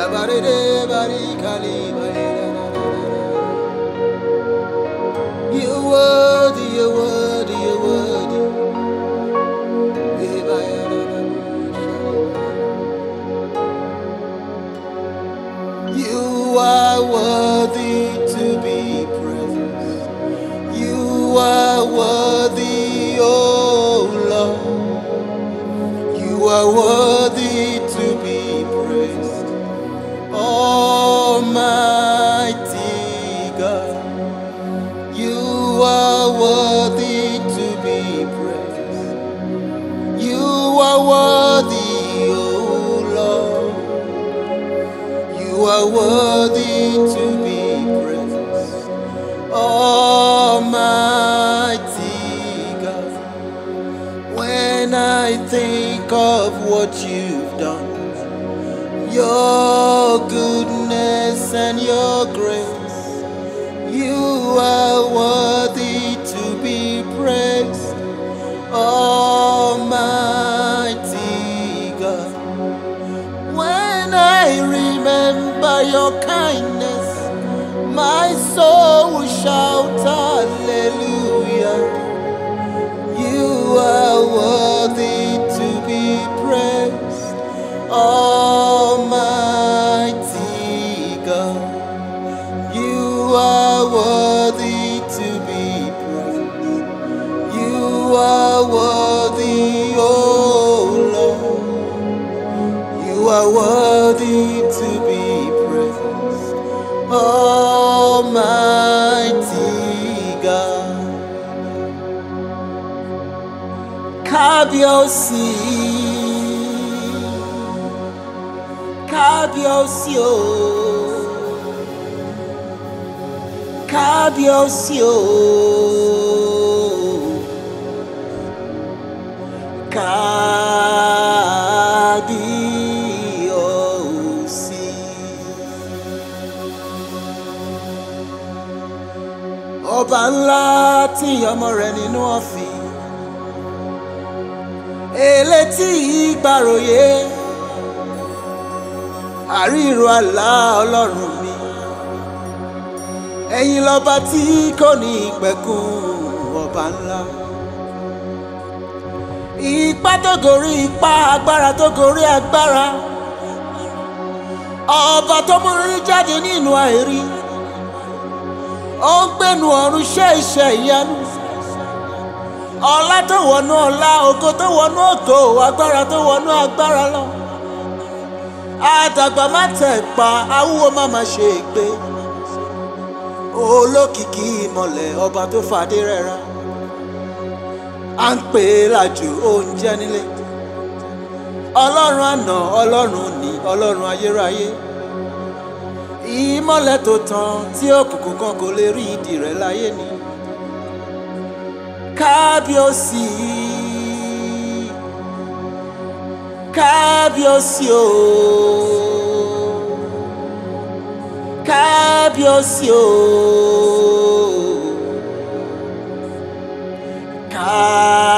You're worthy, you're worthy, you're praise. You are worthy, O oh Lord. You are worthy to be praised. Almighty God, when I think of what you've done, your goodness and your grace, you are for your kindness. My soul will shout hallelujah. are worthy to be praised, Almighty God. Kabiosi, Kabiosio, Kabiosio, Kabiosio. ọba ńlá tí ọmọ rẹ̀ nínú ọ̀fìn elétí ìgbàròyé àríro àlá ọlọ́run mi ẹ̀yin lọ́ba tí kò ní ìpẹ̀kun ọba ńlá ipá tó gorí ipá agbára tó gorí agbára ọba tó mú jáde nínú àìrí. ó ń gbẹnu ọ̀run ṣe iṣẹ́ ìyanu ọlá tó wọnú ọlá ògo tó wọnú ògo agbára tó wọnú agbára lọ àdàgbà má tẹ̀ pa awúwo má má ṣe ègbé olókìkí ìmọ̀lẹ̀ ọba tó fàdé rẹ̀ra à ń pè é làjò oúnjẹ nílé ọlọ́run àná ọlọ́run òní ọlọ́run ayérayé. Ayé. ìmọ́lẹ̀ tó tàn tí òkùnkùn kan kò lè rí ìdí rẹ̀ láyé ni kábíyèsí kábíyèsí o kábíyèsí o kábíyèsí.